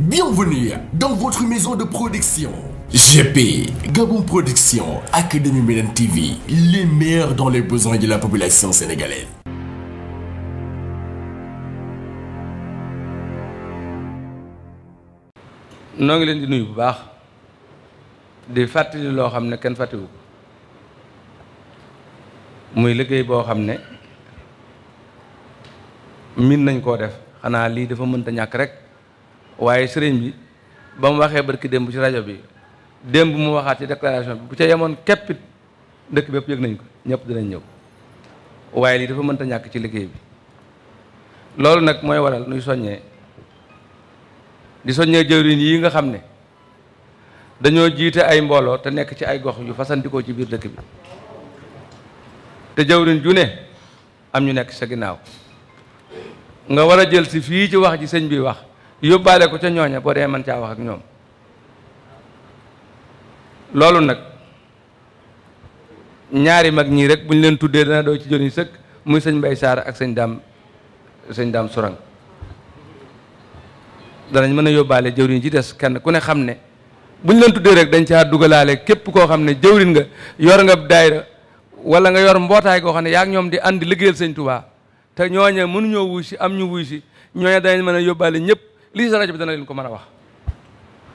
Bienvenue dans votre maison de production. GP, Gabon Production, Académie Médan TV, les meilleurs dans les besoins de la population sénégalaise. noo ngi leen di nuyu bu baax di fàttali loo xam ne kenn fàttiwu muy liggéey boo xam ne miin nañ koo def xanaa lii dafa mënta ñàkk rek. waaye sëriñ bi ba mu waxee barki démb ci rajo bi démb mu waxaat ci déclaration bi bu ca yemoon keppit dëkk bépp yëg nañ ko ñëpp dinañ ñëw waaye lii dafa mënta ñàkk ci liggéey bi loolu nag mooy waral nuy soññee di soññee jëwriñ yii nga xam ne dañoo jiite ay mbooloo te nekk ci ay gox yu fasantikoo ci biir dëkk bi te jëwriñ ju ne am ñu nekk sa ginnaaw nga war a jël si fii ci wax ji sëñ bi wax yóbbaale ko ca ñooña boo dee mën caa wax ak ñoom loolu nag ñaari mag ñii rek bu leen tuddee dana doo ci joni sëkk muy sëñ Mbay Saar ak sëñ Daam sëñ Daam Surang danañ mën a yóbbaale jëwriñ ci des kenn ku ne xam ne buñ ñu leen tuddee rek dañ caa dugalaale képp koo xam ne jëwriñ nga yor nga daayira wala nga yor mbootaay goo xam ne ak ñoom di ànd liggéeyal sëñ Tuubaa te ñooña mënuñoo wuy si am ñu wuy si ñooña danañ mën a yóbbaale ñëpp lii sa rajo bi dana leen ko mën a wax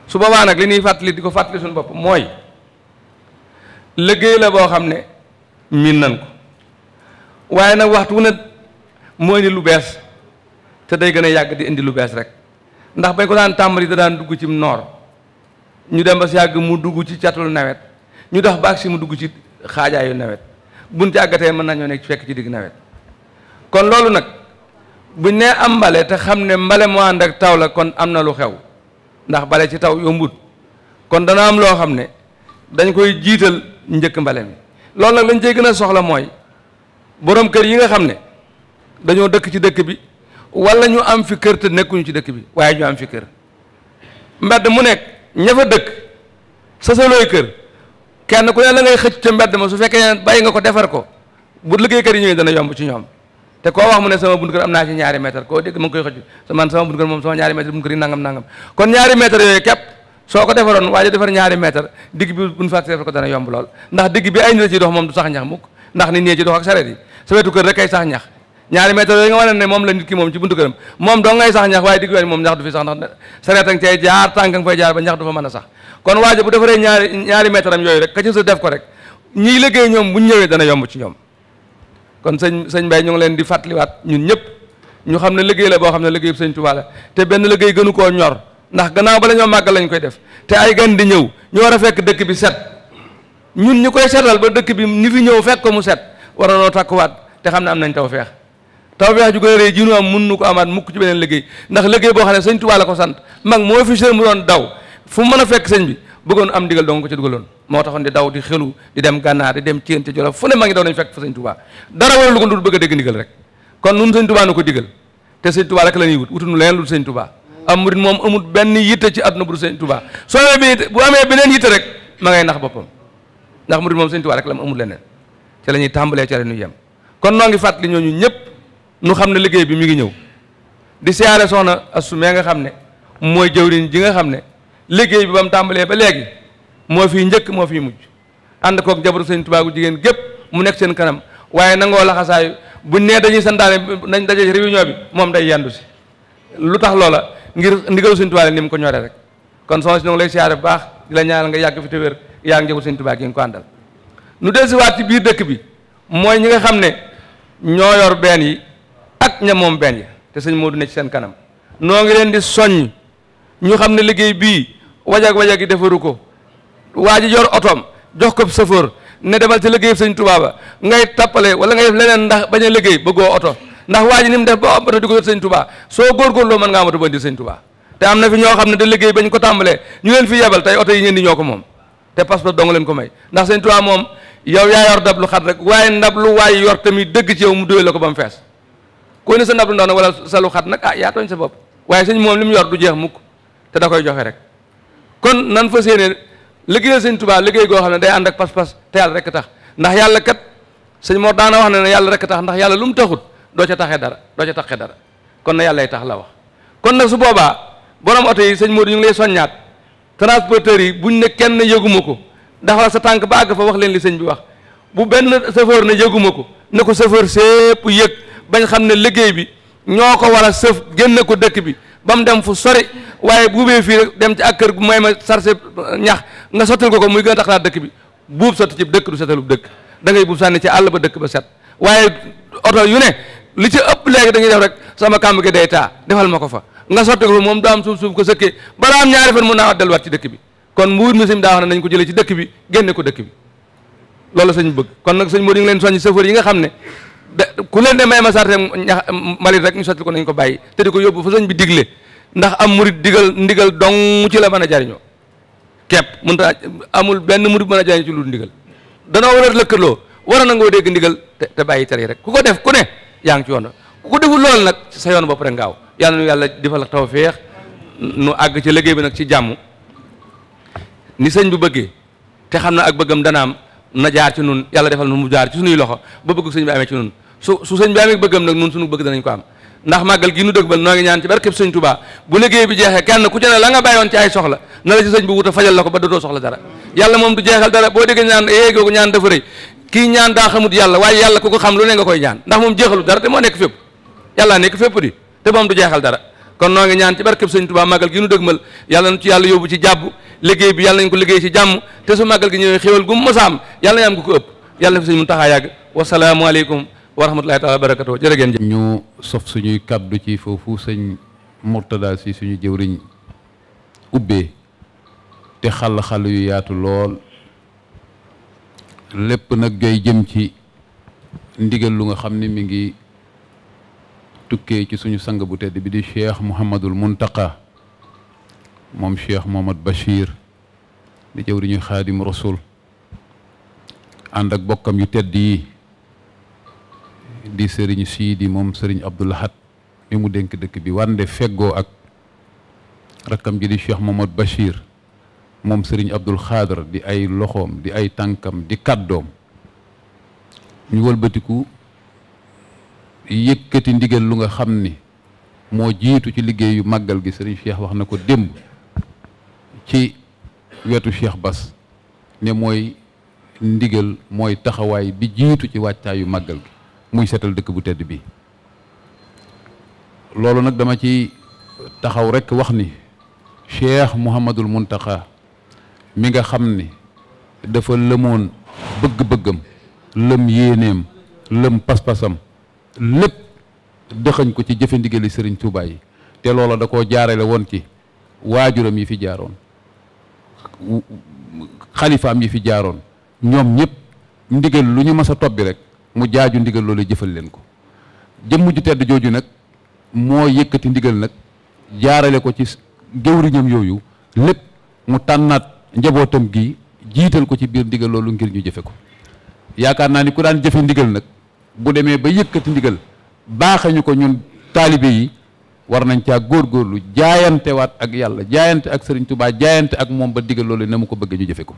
su boobaa nag li ñuy fàttali di ko fàttali suñu bopp mooy liggéey la boo xam ne miin nan ko waaye nag waxtu wu ne moo indi lu bees te day gën a yàgg di indi lu bees rek ndax bañ ko daan tàmbali da daan dugg ci noor ñu dem ba si yàgg mu dugg ci catul nawet ñu dox ba si mu dugg ci xaajaayu nawet buñ ci àggatee mën nañoo nekk fekk ci digg nawet kon loolu nag buñ nee am mbale te xam ne mbale moo ànd ak taw la kon am na lu xew ndax bale ci taw yombut kon dana am loo xam ne dañ koy jiital njëkk mbale mi loolu nag lañ cey gën a soxla mooy boroom kër yi nga xam ne dañoo dëkk ci dëkk bi wala ñu am fi kër te nekkuñu ci dëkk bi waaye ñu am fi kër mbedd mu nekk ña fa dëkk sa salooy kër kenn ku ne la ngay xëcc ca mbedd ma su fekkee ne bàyyi nga ko defar ko bu kër yi ñëwee dana yomb ci ñoom te koo wax mu ne sama buntu kër am naa ci ñaari mètre koo dégg ma ngi koy xëcc man sama buntu kër moom sama ñaari mètre buntu kër yi nangam nangam kon ñaari mètre yooyu képp soo ko defaroon waaye defar ñaari mètre digg bi buñ fàtte defar ko dana yomb lool ndax digg bi ay nit ci moom yi ñaari mètre yooyu la nit ki moom ci buntu këram moom doo ngay sax ñax waaye digg bi moom ñax a kon waajo bu defaree ñaari ñaari mètre am rek ka ci su def ko rek ñiy liggéey ñoom buñ ñëwee dana yomb ci ñoom kon sëñ sëñ Mbaye ñu ngi leen di fàttaliwaat ñun ñëpp ñu xam ne liggéey la boo xam ne liggéey sëñ Tuubaa la te benn liggéey gënu koo ñor ndax gannaaw ba la ñoo màggal lañ koy def te ay gan di ñëw ñu war a fekk dëkk bi set ñun ñu koy setal ba dëkk bi ni fi ñëw fekk ko mu set war a noo takkuwaat te xam ne am nañ tawfeex tawfeex ju gën a rëy ji nu am mun nu ko amaat mukk ci beneen liggéey ndax liggéey boo xam ne sëñ Tuubaa ko sant mag moo fi sër mu doon daw fu mën a fekk sëñ bi bëggoon am digal dong ko ci moo taxoon di daw di xelu di dem gànnaar di dem céen ca jolof fu ne ma ngi daw nañ fekk fa sëñ tubaa dara wala lu ko dul bëgg a dégg ndigal rek kon nun sëñ tubaa nu ko digal te sëñ tubaa rek la ñuy wut wutuñu leneen lu sëñ tubaa am murit moom amul benn yitte ci àdduna bu dul sëñ tubaa soo amee bi bu amee beneen yitte rek ma ngay nax boppam ndax murit moom sëñ tubaa rek la mu amul leneen ci la ñuy tàmbalee ci nu yem kon noo ngi fàttali ñoo ñu ñëpp nu xam ne liggéey bi mi ngi ñëw di siyaare soxna asumee nga xam ne mooy jëwriñ ji nga xam ne liggéey bi ba mu tàmbalee ba léegi moo fii njëkk moo fii mujj ànd koog jabaru sëñ Tuubaa gu jigéen gépp mu nekk seen kanam waaye nangoo laxasaayu bu nee dañuy santaane nañ daje réunion bi moom day yandu si lu tax loola ngir ndigalu sëñ Tuubaa ni mu ko ñoree rek kon soxna si ñoo ngi bu baax la ñaanal nga yàgg fi te wér yaa ngi njëkku sëñ Tuubaa gi nga ko àndal nu dellusiwaat ci biir dëkk bi mooy ñi nga xam ne ñoo yor benn yi ak ña moom benn yi te sëñ Moodu ne ci seen kanam noo ngi leen di soññ ñu xam ne liggéey bii wajag wajag yi defaru ko waa ji yor otoom jox ko chauffeur ne demal ci liggéey sëñ Tuubaa ngay tappale wala ngay leneen ndax bañ a liggéey bëggoo oto ndax waa ji ni mu def ba oto di ko yor sëñ Tuubaa soo góorgóorloo mën ngaa am oto ba indi te am na fi ñoo xam ne da liggéey bañ ko tàmbalee ñu leen fi yebal tey oto yi ngeen di ñoo ko moom te passeport dong leen ko may ndax sëñ Tuubaa moom yow yaa yor ndab lu xat rek waaye ndab lu waay yor tamit dëgg ci yow mu ba mu ne sa ndab lu ndaw nag wala sa lu xat nag ah yaa sa bopp waaye sëñ moom yor du jeex mukk te da koy joxe rek liggéeyal sëñ Tuubaa liggéey goo xam ne day ànd ak pas-pas te yàlla rek tax ndax yàlla kat sëñ Mor daana wax ne ne yàlla rek tax ndax yàlla lu mu taxut doo ca taxee dara doo ca taxee dara kon na yàllay tax la wax kon nag su boobaa borom oto yi sëñ Modou ñu ngi lay soññaat transporteurs yi buñ ne kenn yëguma ko daxal sa tànk ba àgg fa wax leen li sëñ bi wax bu benn chauffeur ne yëguma ko ne ko chauffeur sépp yëg bañ xam ne liggéey bi ñoo ko war a së génn ko dëkk bi ba mu dem fu sori waaye buubee fii dem ci ak kër gu may ma sarse ñax nga sottil ko ko muy gën a taxalaat dëkk bi buub sotti ci dëkk du setalub dëkk da ngay buub sànni ci àll ba dëkk ba set waaye oto yu ne li ci ëpp léegi dañuy def rek sama kàmb gi day taa defal ma ko fa nga sotti ko fa moom daa am suuf suuf ko sëkkee balaa am ñaari fan mun naa delluwaat ci dëkk bi kon mbuur misim daa wax ne nañ ko jëlee ci dëkk bi génne ko dëkk bi loolu sëñ bëgg kon nag sëñ moo di ngi leen soññ yi nga xam ne ku leen ne may ma sarte ñax mbalit rek ñu sotti ko nañ ko bàyyi te di ko yóbbu fa sëñ bi digle ndax am murit digal ndigal dong ci la mën a jariñoo képp mën ta amul benn murit mën a jariñoo ci lu ndigal danoo war a lëkkaloo war a ngoo dégg ndigal te bàyyi tere rek ku ko def ku ne yaa ngi ci yoon ku ko deful lool nag sa yoon bopp rek ngaaw yàlla nu yàlla defal tawfeex nu àgg ci liggéey bi nag ci jàmm ni sëñ bu bëggee te xam na ak bëggam dana am na jaar ci nun yàlla defal nu mu jaar ci suñuy loxo ba bëgg sëñ bi ci nun su su sëñ bi amee bëggam nag nun suñu bëgg danañ ko am ndax màggal gi nu dëgg ba noo ngi ñaan ci barkeb sëñ Tuubaa bu liggéey bi jeexee kenn ku ci ne la nga bàyyoon ci ay soxla na la ci sëñ bi wuta fajal la ko ba dootoo soxla dara yàlla moom du jeexal dara boo déggee ñaan ee eh, googu ñaan dafa rëy kii ñaan daa xamut yàlla waaye yàlla ku ko xam lu ne nga koy ñaan ndax moom jeexalu dara te moo nekk fépp yàlla nekk fépp di te moom du jeexal dara kon noo ngi ñaan ci barkeb sëñ Tuubaa màggal gi nu dëgmal yàlla nu ci yàlla yóbbu ci jàbb liggéey jàmm te su màggal gi ñëwee xéwal gu mosaam yàlla yàgg wasalaamu aleykum wa rahmatullahi taala barakatu jërë ngeen jëf ñu sof suñuy kàddu ci foofu sëñ Mourtada si suñu jëwriñ ubbee te xàll-xàll yu yaatu lool lépp nag joy jëm ci ndigal lu nga xam ni mi ngi tukkee ci suñu sang bu tedd bi di cheikh Mouhamadul Muntaqa moom cheikh Mohamad Bachir di jëwriñu xaadim rasul ànd ak bokkam yu tedd yi di sëriñ Siidi moom sëriñ Abdou Lahad mi mu dénk dëkk bi wande feggoo ak rakkam ji di Cheikh Mamad Bachir moom sëriñ Abdul Xaadar di ay loxoom di ay tànkam di kàddoom ñu wëlbatiku yëkkati ndigal lu nga xam ni moo jiitu ci liggéey yu màggal gi sëriñ Cheikh wax na ko démb ci wetu Cheikh bas ne mooy ndigal mooy taxawaay bi jiitu ci wàccaay yu màggal gi muy seetal dëkk bu tedd bi loolu nag dama ci taxaw rekk wax ni cheikh mouhamadul muntaxa mi nga xam ni dafa lëmoon bëgg-bëggam lëm yéeneem lëm pas-pasam lépp dëxañ ko ci jëfe ndigali sëriñ Tuubaa yi te loolo da koo jaarale woon ci waajuram yi fi jaaroon xalifaam yi fi jaaroon ñoom ñëpp ndigal lu ñu mas a tobbi rek mu jaaju ndigal loolu jëfal leen ko jëmm ju tedd jooju nag moo yëkkati ndigal nag jaarale ko ci jëwriñam yooyu lépp mu tànnaat njabootam gi jiital ko ci biir ndigal loolu ngir ñu jëfe ko yaakaar naa ni ku daan jëfe ndigal nag bu demee ba yëkkati ndigal baaxañu ko ñun taalibe yi war nañ caa góorgóorlu jaayantewaat ak yàlla jaayante ak Sëriñ Tuubaa jaayante ak moom ba ndigal loolu ne mu ko bëgg ñu jëfe ko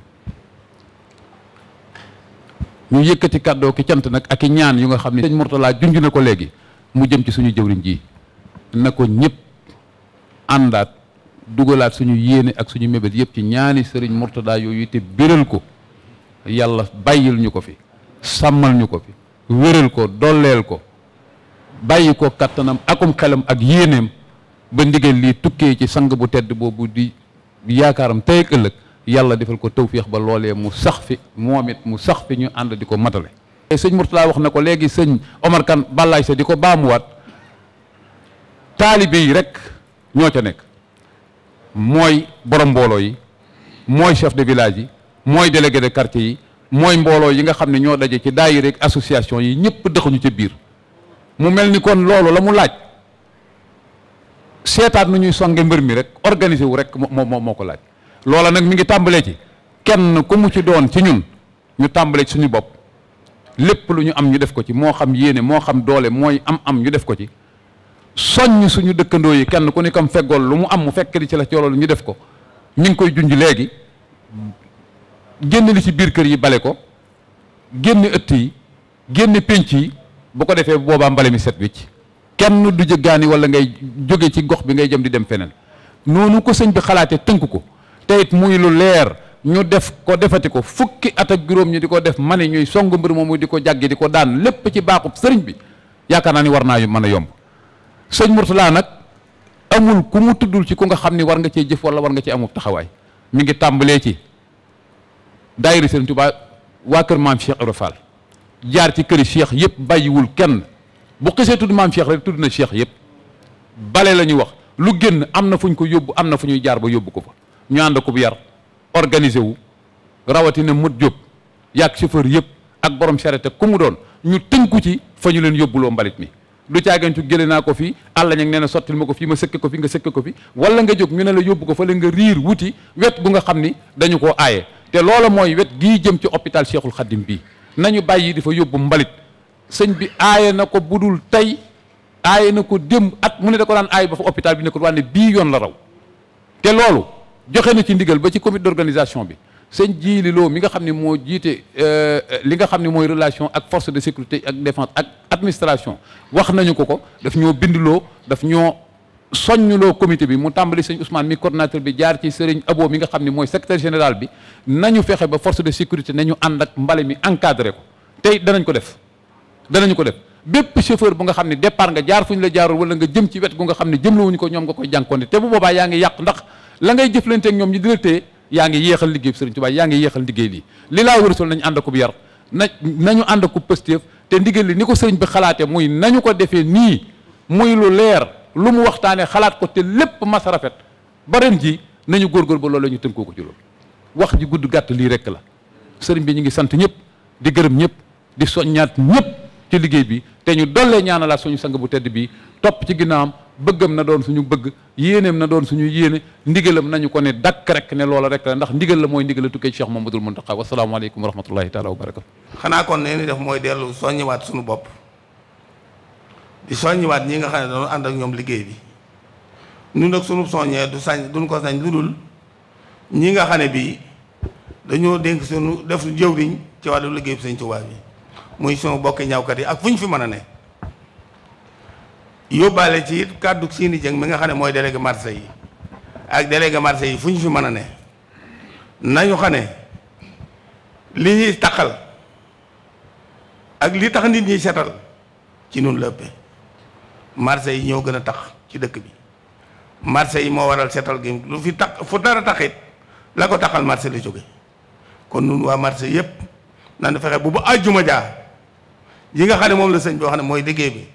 ñu yëkkati kàddoo ki cant nag ak ñaan yu nga xam ne sëñ Mourtala ju na ko léegi mu jëm ci suñu jëwriñ ji na ko ñëpp àndaat dugalaat suñu yéene ak suñu mébét yëpp ci ñaani sëriñ Mourtala yooyu te béral ko yàlla bàyyil ñu ko fi sàmmal ñu ko fi wéral ko dolleel ko bàyyi ko kattanam akum xelam ak yéeneem ba ndigal lii tukkee ci sang bu tedd boobu di yaakaaram tey ëllëg yàlla defal ko tawféex ba loolee mu sax fi moom it mu sax fi ñu ànd di ko matale. sëñ Mourtala wax na ko léegi sëñ Omar kan Balaye sa di ko waat taalibe yi rek ñoo ca nekk mooy borom mbooloo yi mooy chef de village yi mooy délégué de quartier yi mooy mbooloo yi nga xam ne ñoo daje ci daayira ak association yi ñëpp dëxuñu ca biir mu mel ni kon loolu la mu laaj seetaan nu ñuy songe mbër mi rek organiser wu rek moo moo moo ko laaj. loola nag mi ngi tàmbalee ci kenn ku mu ci doon ci ñun ñu tàmbalee ci suñu bopp lépp lu ñu am ñu def ko ci moo xam yéene moo xam doole mooy am-am ñu def ko ci soññ suñu dëkkandoo yi kenn ku nekk kam feggool lu mu am mu fekk li ci la ci lu ñu def ko ñu ngi koy junj léegi génn li ci biir kër yi bale ko génn ëtt yi génn pénc yi bu ko defee boobaa mbale mi set wicc kenn du jëggaani wala ngay jóge ci gox bi ngay jëm di dem feneen noonu ko sëñ bi xalaatee ko teyit muy lu leer ñu def ko defati ko fukki at ak juróom ñu di ko def mani ñuy song mbir moomu di ko jàggi di ko daan lépp ci baaxub sëriñ bi yaakaar naa ni war naa mën a yomb sëñ Mourtala nag amul ku mu tuddul ci ku nga xam ni war nga cee jëf wala war nga cee amul taxawaay mi ngi tàmbalee ci daayira sëriñ Tuubaa waa kër maam Cheikh Ibra Fall jaar ci këri Cheikh yëpp bàyyiwul kenn bu xisee tudd maam Cheikh rek tudd na Cheikh yëpp bale la ñuy wax lu génn am na fu ko yóbbu am na fu ñuy jaar yóbbu ko fa ñu ànd ko bu yar organiser wu rawatina mot jóg yàgg chauffeur yëpp ak borom charrette ku mu doon ñu tënku ci fa ñu leen yóbbuloo mbalit mi du caagancu jële naa ko fii àlla ñag nee na sottil ma ko fii ma sëkke ko fi nga sëkke ko fi wala nga jóg ñu ne la yóbbu ko fa la nga riir wuti wet gu nga xam ni dañu ko aaye te loola mooy wet gii jëm ci hôpital Cheikhul Khadim bii nañu bàyyi di fa yóbbu mbalit sëñ bi aaye na ko bu dul tey aaye na ko démb at mu ne da ko daan aaye ba fa hôpital bi nekkul wànne bii yoon la raw te loolu joxe na ci ndigal ba ci comité d'organisation bi sëñ Jiili Lo mi nga xam ne moo jiite euh, li nga xam ne mooy relation ak force de sécurité ak défense ak administration wax nañu ko ko daf ñoo bindloo daf ñoo soññuloo comité bi mu tàmbali sëñ Ousmane mi coordonnateur bi jaar ci sëriñ Abo mi nga xam ni mooy secrétaire général bi nañu fexe ba force de sécurité nañu ànd ak mbale mi encadré ko tey danañ ko def danañu ko def bépp chauffeur bu nga xam ne jaar fu ñu la wala nga jëm ci wet gu nga xam ne jëmlawuñu ko ñoom nga koy jànkoonte te bu boobaa yaa ngi yàq ndax la ngay jëflante ak ñoom ñu di la téye yaa ngi yéexal liggéey bi sëriñ Tuubaa yaa ngi yéexal liggéey lii li laa wërsul nañ ànd akub yar na nañu ànd akub pëstéef te ndigal li ni ko sëriñ bi xalaatee muy nañu ko defee nii muy lu leer lu mu waxtaanee xalaat ko te lépp mas a rafet ba ji nañu góorgóor ba loolu la ñu tënkoo ko ci loolu wax ji gudd gàtt lii rek la sëriñ bi ñu ngi sant ñëpp di gërëm ñëpp di soññaat ñëpp ci liggéey bi te ñu dollee ñaanalaat suñu sang bu tedd bi topp ci ginnaawam bëggam na doon suñu bëgg yéeneem na doon suñu yéene ndigalam nañu ko ne dakk rek ne loola rek la ndax ndigal la mooy ndigal tukkee Cheikh Mamadul Muntaqa wasalaamaaleykum wa rahmatullahi taala wa barakatu xanaa kon nee ni def mooy dellu soññiwaat suñu bopp di soññiwaat ñi nga xam ne dañoo ànd ak ñoom liggéey bi ñun nag suñu soññee du sañ duñ ko sañ lu dul ñi nga xam ne bii dañoo dénk suñu def jëwriñ ci wàllu liggéey bi Sëñ Tuubaa bi muy suñu bokki ñawkat yi ak fu ñu fi mën a ne yóbbaale ci it kàddu siini jëng mi nga xam ne mooy délégué marché yi ak délégué marché yi fu ñu fi mën a ne nañu xam ne li ñuy taqal ak li tax nit ñi setal ci nun la ëppee marché yi ñoo gën a tax ci dëkk bi marché yi moo waral setal gi lu fi tax fu dara taxit la ko taxal marché la jóge kon nun waa marché yépp nañu fexe bu bu àjjuma jaa yi nga xam ne moom la sëñ boo xam ne mooy liggéey bi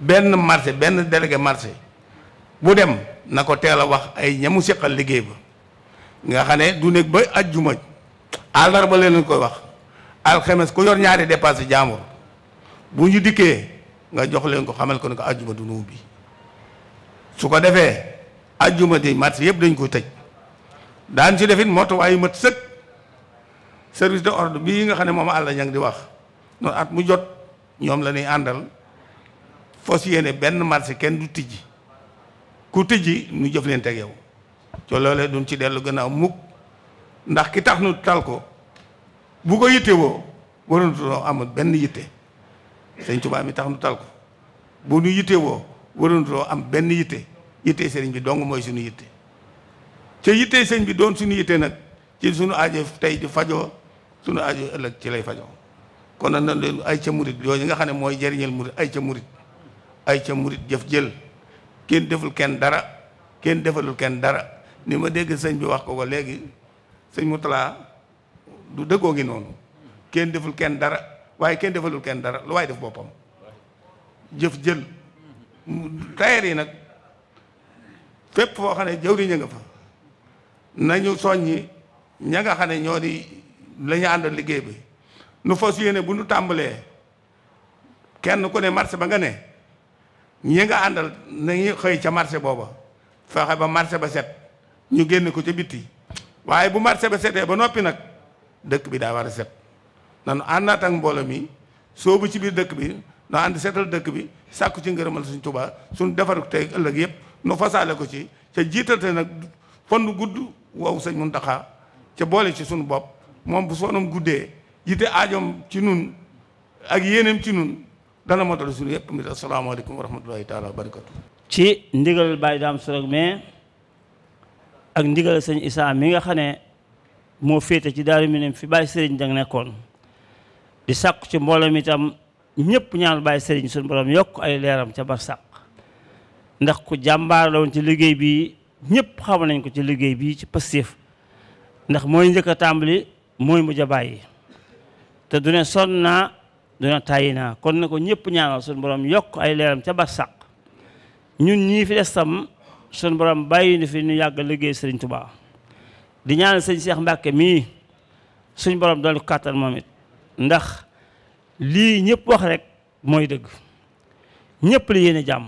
benn marché benn délégué marché bu dem na ko teel a wax ay ñamu seqal liggéey ba nga xam ne du nekk ba ajjuma ba leen koy wax alxames ku yor ñaari dépassé jaambur bu ñu dikkee nga jox leen ko xamal ko ne ko ajjuma du nu ubbi su ko defee ajjuma di marché yëpp dañ koy tëj daan ci defit motuwaay yu mat sëkk service de ordre bii nga xam ne moom àll ña ngi di wax noonu at mu jot ñoom la ñuy àndal fas yéene benn marché kenn du tijji ku tijji nu jëflante ak yow co loolee duñ ci dellu gannaaw mukk ndax ki tax nu tal ko bu ko yitte woo warantunoo amul benn yitte sëñ Tuubaa mi tax nu tal ko bu nu yitte woo warantunoo am benn yitte yitte sëriñ bi dong mooy suñu yitte ca yitte sëñ bi doon suñu yitte nag ci sunu aajo tey di fajoo suñu aajo ëllëg ci lay fajoo kon nag nan leen ay ca murit yooyu nga xam ne mooy jëriñal murit ay ca murit ay ca murit jëf jël kenn deful kenn dara kenn defalul kenn dara ni ma dégg sëñ bi wax ko ko léegi sëñ Moutala du dëggoo ngi noonu kenn deful kenn dara waaye kenn defalul kenn dara lu waaye def boppam jëf jël tayeer yi nag fépp foo xam ne jawriñ nga fa nañu soññi ña nga xam ne ñoo di la ànd àndal liggéey bi nu fas yéene bu nu tàmbalee kenn ku ne marché ba nga ne ñi nga àndal nañu xëy ca marché booba fexe ba marché ba set ñu génn ko ca bitti waaye bu marché ba setee ba noppi nag dëkk bi daa war a set nanu àndaat ak mboole mi soobu ci biir dëkk bi noo ànd setal dëkk bi sàkku ci ngërëmal suñ Tuubaa suñ defaru tey ëllëg yëpp nu fasaale ko ci ca jiitalte nag fond gudd wow sëñ daqaa ca boole ci suñu bopp moom bu soonam guddee jiite aajoom ci nun ak yéeneem ci nun dana matal suñu yëpp mi asalaamaaleykum wa rahmatullahi taala wa barakatu ci ndigal Baye Dame Sorokh ak ndigal sëñ Issa mi nga xam ne moo féete ci Daaru Minam fi Baye Serigne danga nekkoon di sàkku ci mboolem itam ñëpp ñaan Baye Serigne suñu borom yokk ay leeram ca barsàq ndax ku jàmbaar la woon ci liggéey bi ñëpp xam nañ ko ci liggéey bii ci Pastef ndax mooy njëkk a tàmbali mooy mujj a bàyyi te du ne sonn duna tàyyi naa kon na ko ñëpp ñaanal suñu borom yokk ay leeram ca barsàq ñun ñii fi des tam suñu borom bàyyi ñu fi ñu yàgg liggéey sëriñ tubaa di ñaanal sëñ Seex Mbàkke mii suñu borom doolu kàttan moom it ndax lii ñëpp wax rek mooy dëgg ñëpp li yéene jàmm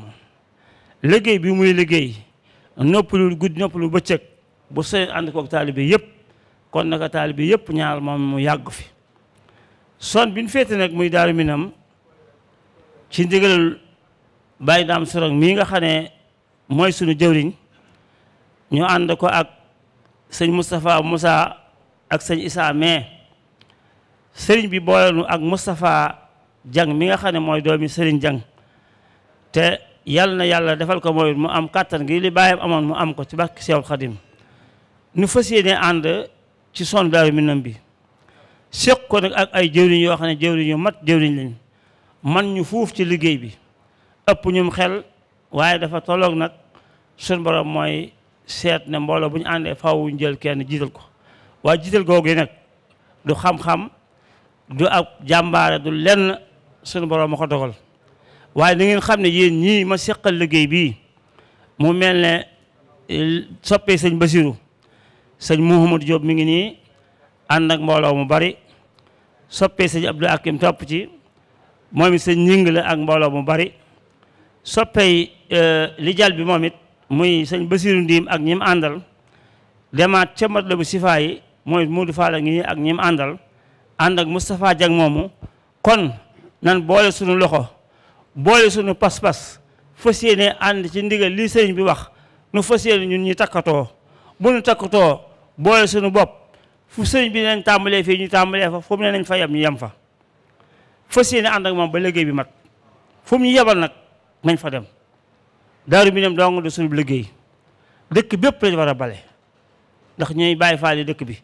léggéey bi muy liggéey noppalu guddi noppalu bëccëg bu seen ànd koog taalibe yëpp kon naka taalibe yëpp ñaar moom mu yàgg fi son bi nu féete nag muy daaru minam ci ndigalal bàyyi daam sorog mii nga xam ne mooy sunu jëwriñ ñu ànd ko ak sëñ Moustapha Moussa ak sëñ Issa mais sëriñ bi boolenu ak Moustapha Jang mi nga xam ne mooy doomi sëriñ Jang te yàlla na yàlla defal ko mooy mu am kàttan gi li bàyyam amoon mu am ko ci barke Seexul Xadim nu fas yéene ànd ci son daaru minam bi séq ko nag ak ay jëwriñ yoo xam ne jëwriñ yu mat jëwriñ lañ man ñu fuuf ci liggéey bi ëpp ñum xel waaye dafa tolloog nag suñ borom mooy seet ne mbooloo bu ñu àndee faaw ñu jël kenn jiital ko waaye jiital googu nag du xam-xam du ab jàmbaare du lenn suñu borom ma ko dogal waaye dangeen xam ne yéen ñii ma seqal liggéey bii mu mel ne soppee sëñ Basiru sëñ Mouhamadou Diop mi ngi nii ànd ak mbooloo mu bari soppee sëñ Abdou Akim topp ci moom it sëñ ñing la ak mbooloo mu bari soppee euh, li jal bi moom it muy sëñ Basiru Ndiim ak ñim àndal demaat ca la bu sifaa yi mooy Moodu Faala ngi ak ñim àndal ànd ak Moustapha Diak moomu kon nan boole suñu loxo boole suñu pas-pas fas yéene ànd ci ndigal lii sëñ bi wax nu fas yéene ñun ñu takkatoo bu nu takkatoo boole suñu bopp fu sëriñ bi leen tàmbalee fii ñu tàmbalee fa fu mu ne nañ fa yem ñu yem fa fas yéene ànd ak moom ba liggéey bi mat fu mu ñu yebal nag nañ fa dem daaru mi nem dong du suñu liggéey dëkk bépp lañ war a bale ndax ñooy bàyyi faale dëkk bi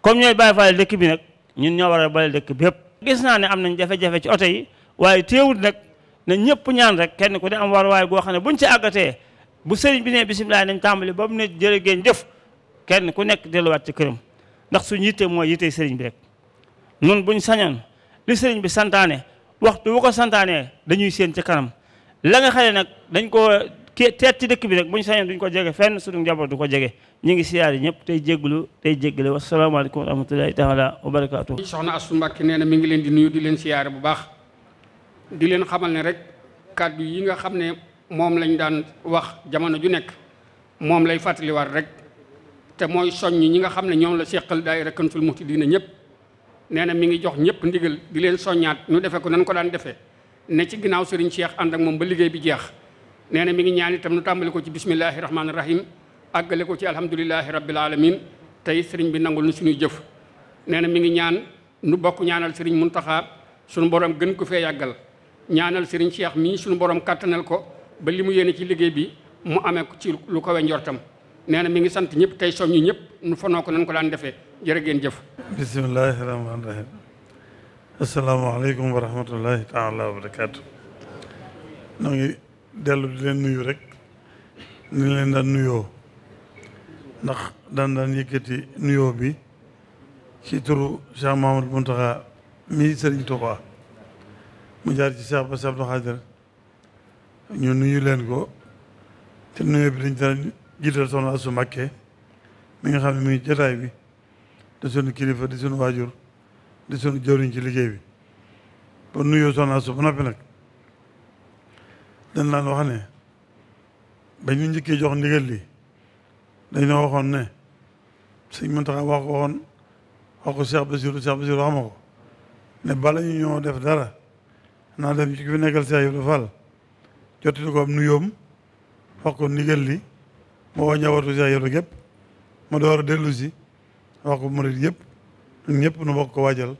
comme ñooy bàyyi faale dëkk bi nag ñun ñoo war a bale dëkk bépp gis naa ne am nañ jafe-jafe ci oto yi waaye teewul nag na ñëpp ñaan rek kenn ku ne am war waaye goo xam ne buñ ci àggatee bu sëriñ bi ne bisimilah nañ tàmbali ba mu ne jërë ngeen jëf kenn ku nekk delluwaat ci këram ndax suñu yitte mooy yitte sëriñ bi rek noonu buñ sañan li sëriñ bi santaane waxtu bu ko santaanee dañuy séen ci kanam la nga xale nag dañ ko teet ci dëkk bi rek buñ sañan duñ ko jege fenn suñu njaboot du ko jege ñu ngi siyaar yi ñëpp tey jégglu tey jéggale wasalaamaaleykum wa rahmatullahi taala wa barakaatu soxna Astu mbakki nee na mi ngi leen di nuyu di leen siyaare bu baax di leen xamal ne rek kàddu yi nga xam ne moom lañ daan wax jamono ju nekk moom lay fàttaliwaat rek te mooy soññ ñi nga xam ne ñoom la seqal daayira Kanzul Muhtadina ñëpp nee na mi ngi jox ñëpp ndigal di leen soññaat ñu defe ko nan ko daan defee ne ci ginnaaw sëriñ Cheikh ànd ak moom ba liggéey bi jeex nee na mi ngi ñaan itam nu tàmbali ko ci bismillahi rahmaani rahim àggale ko ci alhamdulilahi rabbil alamin tey sëriñ bi nangul nu suñuy jëf nee na mi ngi ñaan nu bokk ñaanal sëriñ Muntaxa suñu borom gën ko fee yàggal ñaanal sëriñ Cheikh mii suñu borom kàttanal ko ba li mu yéene ci liggéey bi mu amee ci lu kawe njortam nee na mi ngi sant ñëpp tey soññu ñëpp nu fanoo ko nan ko daan defee jërë ngeen jëf bismillahi rahmaani rahim asalaamaaleykum wa rahmatullahi taala wa barakaatu noo ngi dellu di leen nuyu rek ni leen daan nuyoo ndax daan daan nuyoo bi ci turu Cheikh Mahamadou Muntaxa mi Sëriñ Tuubaa mu jaar ci Cheikh Bass Abdou Khadre ñu nuyu leen ko te nuyoo bi dañ daan jiital soxna Asu Mbakke mi nga xam ne mu ngi jataay bi di sunu kilifa di sunu waajur di sunu jëriñ ci liggéey bi ba nuyoo soxna Asu ba noppi nag dañ laan wax ne ba ñu njëkkee jox ndigal li dañoo waxoon ne sëñ Muntaxa wax ko waxoon wax ko Cheikh Basiru Cheikh Basiru wax ko ne bala ñoo def dara naa dem ci fi nekkal Cheikh Ibra Fall jotti ko am nuyoom wax ko ndigal li ma woo njabootu Cheikh Yoro gépp ma door a dellu si wax ko murit yëpp nu bokk ko waajal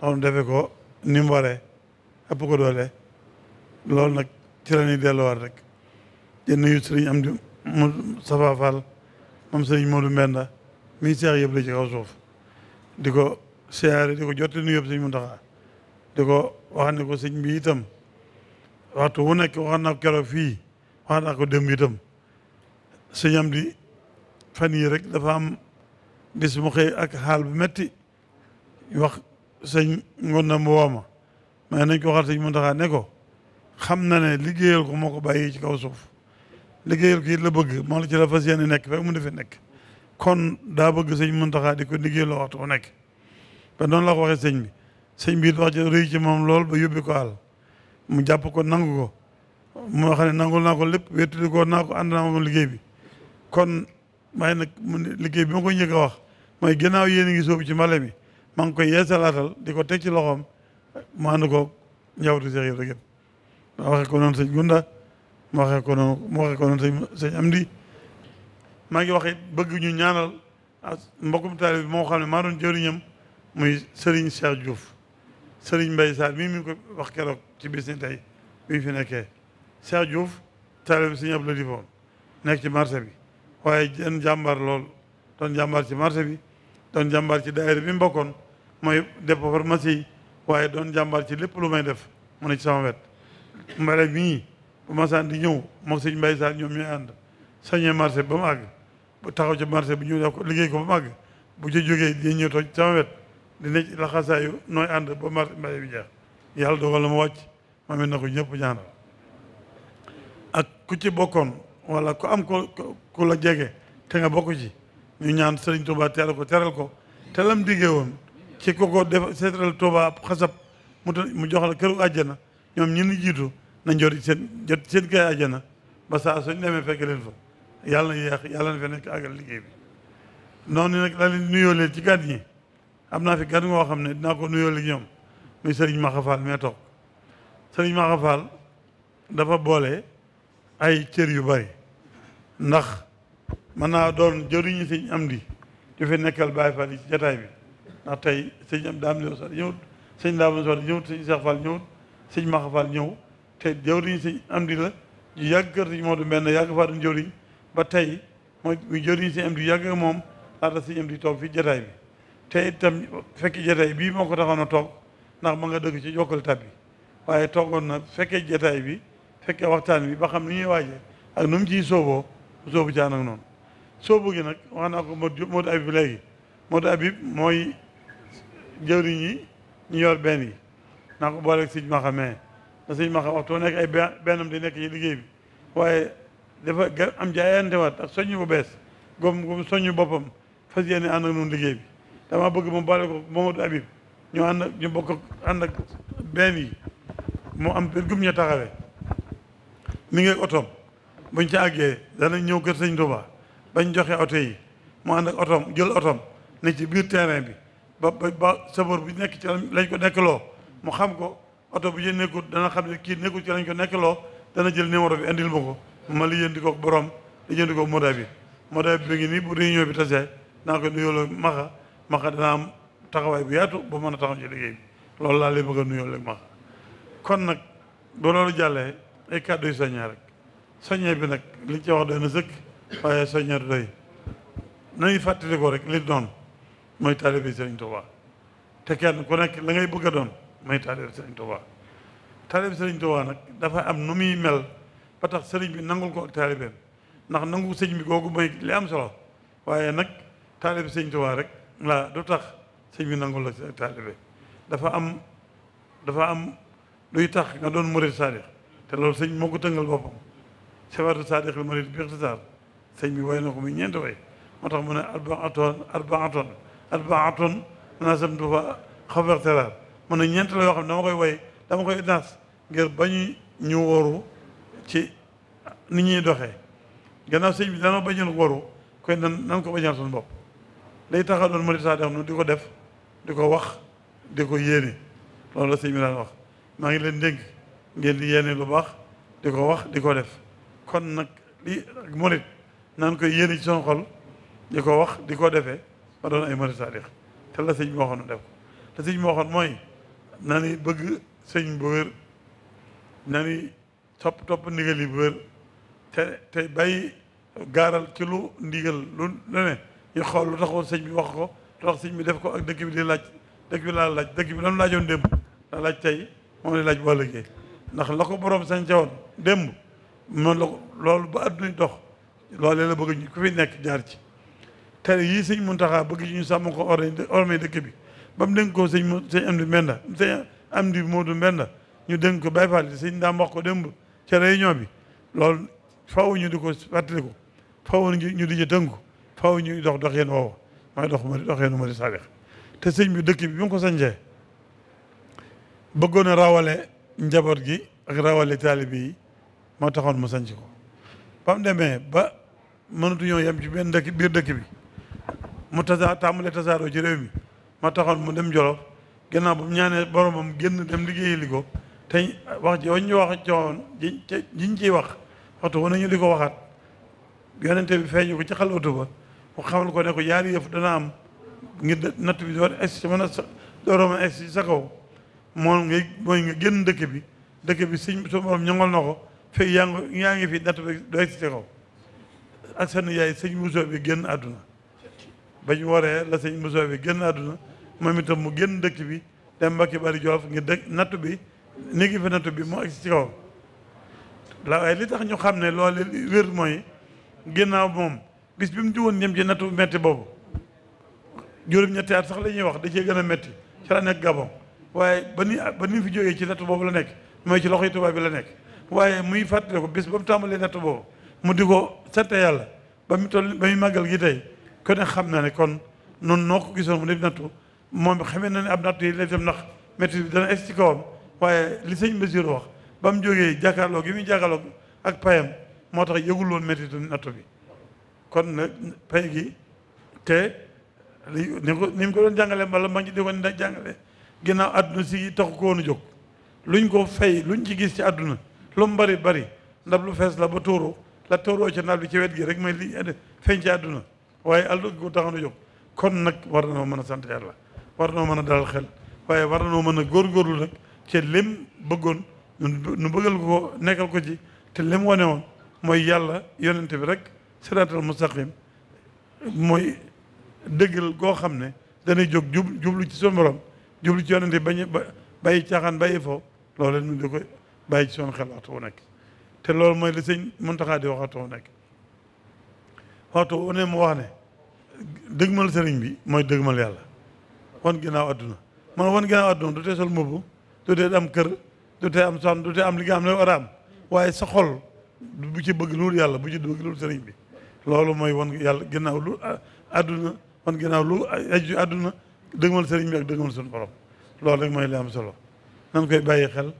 ndax nu defe ko ni mu waree ëpp ko doole loolu nag ci la ñuy delluwaat rek di nuyu sëriñ am di mu Safa Fall moom sëriñ Modou Mbenda mi Cheikh yëpp la ci suuf di ko siyaare di ko jottali nuyu yëpp sëriñ Mountakha di ko wax ne ko sëñ bi itam waxtu wu nekk wax na ko keroog fii wax na ko démb itam sëñ am di fan yii rek dafa am bis mu xëy ak xaal bu metti wax sëñ ngoon na mu wooma mais nañ ko waxal sëñ Muntaxa ne ko xam na ne liggéeyal ko moo ko bàyyi ci kaw suuf liggéeyal ko it la bëgg moo la ci la fas yéene nekk fekk mu defee nekk kon daa bëgg sëñ Muntaxa di ko liggéeyal loo waxtu nekk ba noonu la ko waxee sëñ bi sëñ bi it wax ci rëy ci moom lool ba yóbbi ko àll mu jàpp ko nangu ko moo xam ne nangul naa ko lépp wéttali ko naa ko bi kon may nag mu liggéey bi ma ko njëkk a wax mooy ginnaaw yéen a ngi sóobu ci mbale mi maa ngi koy yeesalaatal di ko teg ci loxoom mu ànd ko njawtu Seex Ibra gépp ma waxee ko noonu sëñ Gunda ma waxee ko noonu ma waxee ko noonu sëñ sëñ Amdi maa ngi waxee bëgg ñu ñaanal mbokkum taalib bi moo xam ne maa doon jëriñam muy sëriñ Cheikh Diouf sëriñ Mbaye Sarr mii mi ngi ko wax keroog ci bis ni tey bi fi nekkee Cheikh Diouf taalib bi sëñ Abdou Latif nekk ci marché bi waaye doon jàmbar lool doon jàmbar ci marché bi doon jàmbar ci daayira bi mu bokkoon mooy dépôt pharmacie yi waaye doon jàmbaar ci lépp lu may def mu ne ci sama wet mbare mii bu ma saan di ñëw mook si Mbay Saan ñoom ñooy ànd sañee marché ba mu àgg bu taxaw ci marché bi ñu def liggéey ko ba mu àgg bu ci jógee di ñëw toog ci sama wet di ne laxasaayu nooy ànd ba marché mbay bi jeex yàlla dogal la ma wàcc ma mit na ko ñëpp ñaanal ak ku ci bokkoon wala ku am ko ku la jege te nga bokk ci ñu ñaan sëriñ Touba teral ko teral ko te lam diggee woon ci ko ko def seetal Touba xasab mu mu jox la këru àjjana ñoom ñi ni jiitu nañ jot seen jot seen kay àjjana ba saa suñ demee fekk leen fa yàlla na yéex yàlla na fe nekk àggal liggéey bi noonu nag laa leen nuyoo ci gan ñi am naa fi gan ngoo xam ne dinaa ko nuyoo léegi ñoom muy sëriñ Maxafaal mee toog sëriñ Maxafaal dafa boole ay cër yu bari ndax mën naa doon jëriñu sëñ am di di fi nekkal Baye Fall yi jataay bi ndax tey sëñ am daam lew sar ñëwut sëñ daama sar ñëwut sëñ Cheikh Fall ñëwut sëñ Maxa Fall ñëw te jëwriñ sëñ am di la ñu yàgg kër sëñ Modou Mbène yàgg faa doon jëwriñ ba tey mooy mu jëriñ am di yàgg moom laata sëñ am di toog fii jataay bi te itam fekki jataay bii moo ko taxoon a toog ndax ma nga dëgg ci jokkal tab bi waaye toogoon na fekkee jataay bi fekke waxtaan bi ba xam ni ñuy waaje ak nu mu ciy sooboo soobu jaan ak noonu soobu nag wax naa ko Modou Habib léegi Modou Habib mooy jëwriñ yi ñu yor benn gi naa ko booleeg sëñ Maxa mais da sëñ Maxa waxtu nekk ay bennam di nekk ci liggéey bi waaye dafa am jaayantewaat ak soññ bu bees goom boppam fas yéene ànd ak liggéey bi dama bëgg mu boole ko Modou Habib ñu ànd ak ànd ak benn yi mu am gum ñu taxawee mi ngi otoom buñ ci àggee danañ ñëw kër sëñ Tuubaa bañ joxe oto yi mu ànd ak otom jël otom ne ci biir terrain bi ba ba saboor bu nekk ci lañ ko nekkloo mu xam ko oto bu ci nekkul dana xam ne kii nekkul ci lañ ko nekkloo dana jël numéro bi indil ma ko ma lijjanti ko borom lijjanti ko moda bi moda bi bi ngi nii bu réunion bi tasee naa ko nuyoo la maxa maxa dana am taxawaay bu yaatu ba mën a taxaw ci liggéey bi loolu laa lay bëgg a nuyoo la maxa kon nag bu loolu jàllee ay kàddu yu soññaa soññee bi nag li ci wax doy na sëkk waaye soññee doy nañuy fàttali ko rek li doon mooy taalibe Sëriñ Tuubaa te kenn ku nekk la ngay bëgg a doon mooy taalibe Sëriñ Tuubaa taalibe Sëriñ Tuubaa nag dafa am nu muy mel ba tax sëriñ bi nangul ko ak taalibeem ndax nangu sëñ bi googu mooy li am solo waaye nag taalibe Sëriñ Tuubaa rek laa du tax sëñ bi nangul la ak taalibe dafa am dafa am luy tax nga doon murid saadiq te loolu sëñ moo ko tëngal boppam sawartu saadiqil murid bi ixtisaar sëñ bi way na ko muy ñeenti way moo tax mu ne arbaatun a arbaatun nasamtuha xawfa ixtiraar mu a ñeent la yoo xam ne dama koy way dama koy naas ngir bañu ñu wóoru ci ni ñuy doxee gannaaw sëñ bi dana bañul wóoru koy nan nan ko bañal suñu bopp day taxa doon murid saadiq nu di ko def di ko wax di ko yéene loolu la sëñ bi daan wax maa ngi leen dégg ngeen di yéene lu baax di ko wax di ko def kon nag li ak murit naan koy yéene ci xol di ko wax di ko defe ba doon ay murit saadix te la sëñ bi waxoon def ko te sëñ bi waxoon mooy na ni bëgg sëñ bu wér naa ni topp topp ndigal yi bu wér te te bàyyi gaaral ci lu ndigal lu lu ne ñu xool lu taxoon sëñ bi wax ko lu tax sëñ bi def ko ak dëkk bi di laaj dëgg bi laa laaj dëkk bi lan laajoon démb la laaj tey moom la laaj boo liggéey ndax la ko borom sañ ca woon démb noonu la loolu ba àdduna dox loolee la bëgg ñu ku fi nekk jaar ci tere yii mun taxaa bëgg ñu sàmm ko ormay dëkk bi ba mu dénk ko sëñ mu sëñ Amdi Mbenda sëñ Amdi Moodu Mbenda ñu dénk ko Baye Fall sëñ daam wax ko démb ca réunion bi lool faw ñu di ko fàttali ko faw ñu di ci ko faw ñu dox dox yéen woowu mooy dox ma dox yéen ma di saalix te sëñ bi dëkk bi bi mu ko sañcee bëggoon a rawale njaboot gi ak rawale taalibe yi moo taxoon mu sanc ko ba mu demee ba mënatuñoo yem ci benn dëkk biir dëkk bi mu tasa tàmbale tasaaroo ci bi mi moo mu dem Jolof gannaaw ba mu ñaanee boromam génn dem liggéeyi li ko te wax ji ñu wax coowoon ji jiñ ciy wax waxtu wane ñu di ko waxaat yonente bi feeñu ko ci xalwatu ba mu xamal ko ne ko yaari yëf dana am ngir natt bi door egsi mën a sa kaw moom ngay mooy nga génn dëkk bi dëkk bi sëñ soo borom ñongal na ko fekk yaa ngi yaa ngi fi natt bi doo egsi ci kaw ak seen yaay sëñ Moussa bi génn àdduna ñu waree la sëñ Moussa bi génn àdduna moom itam mu génn dëkk bi dem Mbacke Bari Jolof ngir dëkk nattu bi ni ngi fi bi mu egsi ci kaw la waaye li tax ñu xam ne loolu wér mooy ginnaaw moom bis bi mu di woon ñem ci nattu metti boobu juróom-ñetti at sax la ñuy wax da cee gën a metti ci la nekk Gabon waaye ba ni ba ni fi jógee ci nattu boobu la nekk mooy ci loxoy tubaab bi la nekk waaye muy fàttali ko bis ba mu tàmbalee natt boobu mu di ko sante yàlla ba mu toll ba muy màggal gi tey ko xam na ne kon noonu noo ko gisoon mu moom xamee ne ab natt yi dem ndax métti bi dana ci kawam waaye li sëñ mesure wax ba mu jógee jàkkaarloo gi muy jàkkaarloo ak payam moo tax yëgul woon métti nattu bi kon gi te li ni ko ni mu ko doon jàngalee mbala ma ngi di ko jàngale ginnaaw àdduna si taxu ko woon a jóg luñ ko fay luñ ci gis ci àdduna lu mu bari bari ndab lu fees la ba tóoroo la tóoroo ca naaj bi ci wet gi rek may li feeñ ci àdduna waaye àll gu taxoon a jóg kon nag war na noo mën a sant yàlla war noo mën a dalal xel waaye war na noo mën a góor góorlu nag ci lim bëggoon nu bëggal ko nekkal ko ci te lim wane woon mooy yàlla yonent bi rek siraatal mustaqim mooy dëggal goo xam ne danay jóg jub jublu ci suñu borom jublu ci yonent ba bañ bàyyi caaxaan bàyyi fo loolu leen di koy bàyyi ci suñu xel waxtu wu nekk te loolu mooy li sëñ Muntaxa di wax waxtu wu nekk waxtu wu ne mu wax ne dëgmal sëriñ bi mooy dëgmal yàlla wan ginnaaw adduna man wan ginnaaw adduna du tee sol mbubb du tee am kër du am soxna am li am waaye sa xol bu ci bëgg loolu yàlla bu ci sëriñ bi loolu mooy wan yàlla ginnaaw lu adduna wan ginnaaw lu aju adduna dëgmal sëriñ bi ak dëgmal suñu borom loolu rek mooy li am solo nan koy bàyyi xel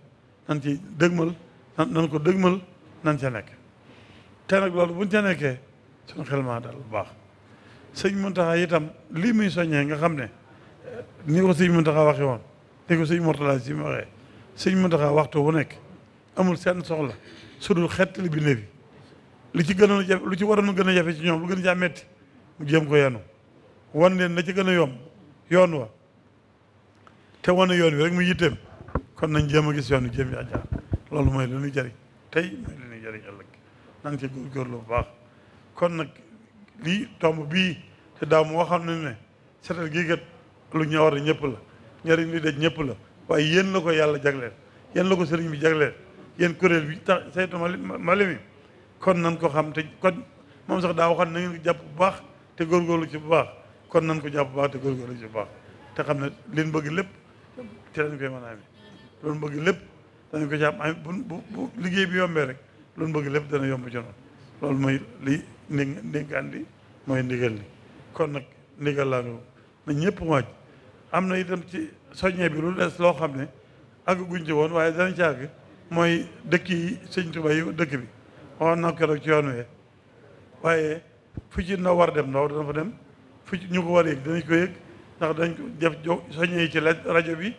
nan ci dëgmal nan ko dëgmal nan ca nekk te nag loolu buñ ca nekkee suñ xel maa dal bu baax sëñ Muntaxa itam lii muy soññee nga xam ne ni ko sëñ Muntaxa waxee woon ni ko sëñ Mortala mu sëñ Muntaxa waxtu wu nekk amul seen soxla su dul xettali bi nebi li ci gënoon a jafe lu ci waroon a gën a jafe ci ñoom lu gën a metti mu jéem ko yenu wan leen na ci gën a yomb yoon wa te wane yoon wi rek mu yitteem kon nañ jéem a gis yoon wi jéem yaa jaar loolu mooy li ñuy jëriñ tey mooy li ñuy jëriñ ëllëg nañ ci góorgóorlu bu baax kon nag lii tomb bii te daaw xam waxoon ne ne setal gii kat lu ñëwar a ñëpp la njëriñ li daj ñëpp la waaye yéen la ko yàlla jagleel yéen la ko sëriñ bi jagleel yéen kuréel bi tax saytu mbali mi kon nan ko xam te kon moom sax daa waxoon na ngeen jàpp bu baax te góorgóorlu ci bu baax kon nan ko jàpp bu baax te góorgóorlu ci bu baax te xam ne liñ bëgg lépp te lañ koy mën loolu bëgg lépp danañ ko jàpp am bu bu liggéey bi yombee rek loolu bëgg lépp dana yomb ci loolu mooy li ndi ndénkaan bi mooy ndigal li kon nag ndigal laa nga na ñëpp waaj na itam ci soññe bi loo xam ne àgg guñ ci woon waaye danañ ci àgg mooy dëkk yi sëñ Tuubaa yi dëkk bi waxoon na ko ci yoon wee waaye fu ci na war dem ndaw dana fa dem fu ci ñu ko war yëg danañ ko yëg ndax dañ ko def soññe yi ci rajo bi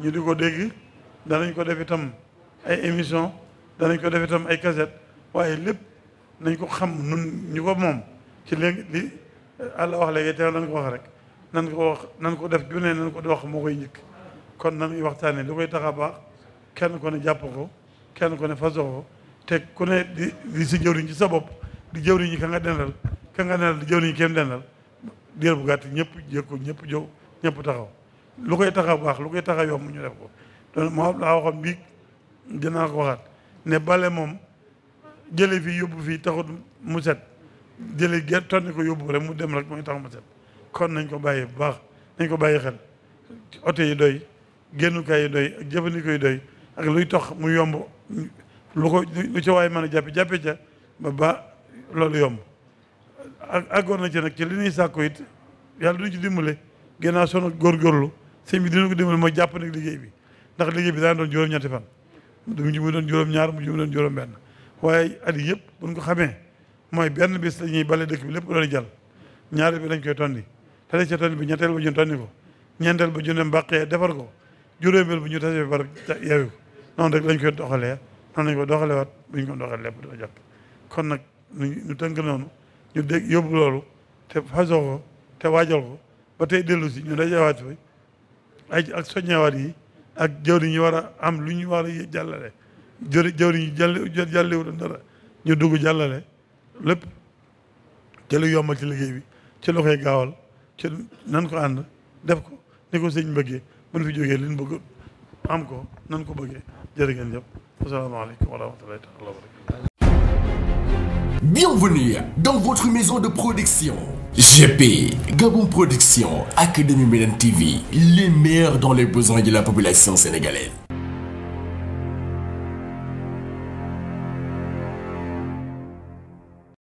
ñu di ko dégg danañ ko def itam ay émission danañ ko def itam ay cassette waaye lépp nañ ko xam nun ñu ko moom ci léegi li àlla euh, wax léegi teew nañ ko wax rek nan ko wax nan ko def junee nan ko wax moo koy njëkk kon nan waxtaane lu koy tax a kenn ku ne jàpp ko kenn ku ne fasoo te ku di di si jëwriñ ci sa bopp di jëwriñ ka nga dendal ka nga dendal di jëwriñ kenn dendal diir bu gàtt ñëpp jëkku ñëpp jow ñëpp taxaw lu koy tax a baax lu koy tax a yomb ñu def ko loolu moo laa waxam biig dinaa ko waxaat ne bale moom jële fii yóbbu fii taxut mu set jële gerte tonni ko yóbbu rek mu dem rek mooy tax mu set kon nañ ko bàyyee bu baax nañ ko bàyyi xel oto yi doy génnukaay yi doy ak jëfandikoo yi doy ak luy tox mu yomb lu ko lu ca waay mën a jàppe jàppe ca ba ba loolu yomb ak àggoon na ci nag ci li ñuy sàkku it yàlla duñu ci dimbale gannaaw sonal góorgóorlu si bi dina ko dimbale mooy jàpp nag liggéey bi ndax liggéey bi daan doon juróom-ñetti fan du mujj mu doon juróom-ñaar mujj mu juróom-benn waaye at yi yëpp buñ ko xamee mooy benn bis la ñuy bale dëkk bi lépp doon jal ñaari bi dañ koy tonni te dañ ca tonni bi ñetteel ba ñu tonni ko ñeenteel ba ñu ne defar ko juróomeel bu ñu tasee bar yeewi ko noonu rek lañ koy doxalee noonu lañ ko doxalee waat buñ ko doxalee lépp dina jàpp kon nag ñu tënk noonu ñu dégg yóbbu loolu te fasoo ko te waajal ko ba tey dellu si ñu dajewaat fi ay ak soññewaat yi ak jawriñ yi war a am lu ñu war a jàllale jëri jawriñ yi jàll jàlliwutoon dara ñu dugg jàllale lépp ci lu yombal ci liggéey bi ci lu koy gaawal ci nan ko ànd def ko ni ko sëñ bëggee buñ fi jógee liñ bëgg am ko nan ko bëggee jërë ngeen jëf asalaamaaleykum wa rahmatullahi taala wa barakatu Bienvenue dans votre maison de production GP Gabon Production Académie Médine TV les meilleurs dans les besoins de la population sénégalaise